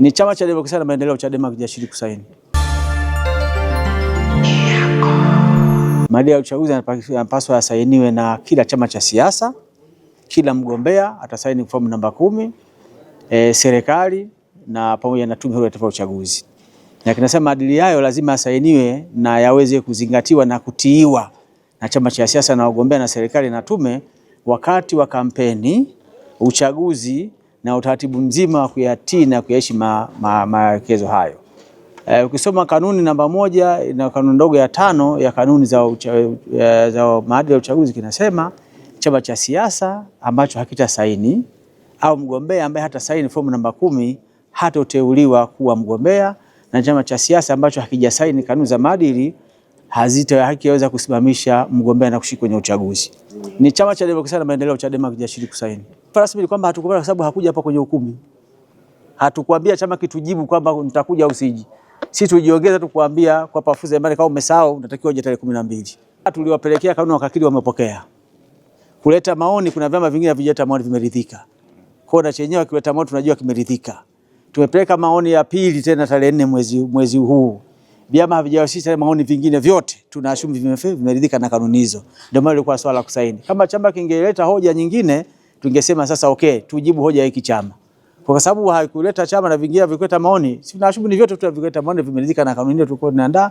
Ni Chama cha Demokrasia na Maendeleo, Chadema, hakijashiriki kusaini maadili ya uchaguzi. Yanapaswa yasainiwe na kila chama cha siasa, kila mgombea atasaini fomu namba kumi, e, serikali na pamoja na tume huru ya taifa ya uchaguzi. Na kinasema maadili hayo lazima yasainiwe na yaweze kuzingatiwa na kutiiwa na chama cha siasa na wagombea na serikali na tume wakati wa kampeni, uchaguzi na utaratibu mzima wa kuyatii na kuyaishi maelekezo ma, ma, hayo. Eh, ukisoma kanuni namba moja na kanuni ndogo ya tano ya kanuni za, ucha, ya, eh, za maadili ya uchaguzi kinasema chama cha siasa ambacho hakita saini au mgombea ambaye hata saini fomu namba kumi hatoteuliwa kuwa mgombea, na chama cha siasa ambacho hakijasaini kanuni za maadili hazita hakiweza kusimamisha mgombea na kushiriki kwenye uchaguzi. Ni chama cha demokrasia na maendeleo, Chadema, kijashiriki kusaini taarifa rasmi ni kwamba hatukupata, kwa sababu hakuja hapa kwenye ukumbi. Hatukwambia chama kitujibu kwamba nitakuja au siji. Sisi tujiongeza tu kuambia kwa pafuzi ya kama umesahau unatakiwa uje tarehe 12. Tuliwapelekea kanuni, wakakiri wamepokea. Kuleta maoni, kuna vyama vingine havijata maoni, vimeridhika. Kwa hiyo na chenyewe kileta maoni tunajua kimeridhika. Tumepeleka maoni ya pili tena tarehe nne mwezi mwezi huu. Vyama havijawasilisha maoni vingine vyote, tunaashumu vimeridhika na kanuni hizo. Ndio maana ilikuwa swala kusaini. Kama chama kingeleta hoja nyingine tungesema sasa okay, tujibu hoja hiki chama kwa sababu haikuleta chama na vingine vikweta maoni, si na shughuli vyote tu vikweta maoni, vimeridhika na kanuni tulikuwa tunaandaa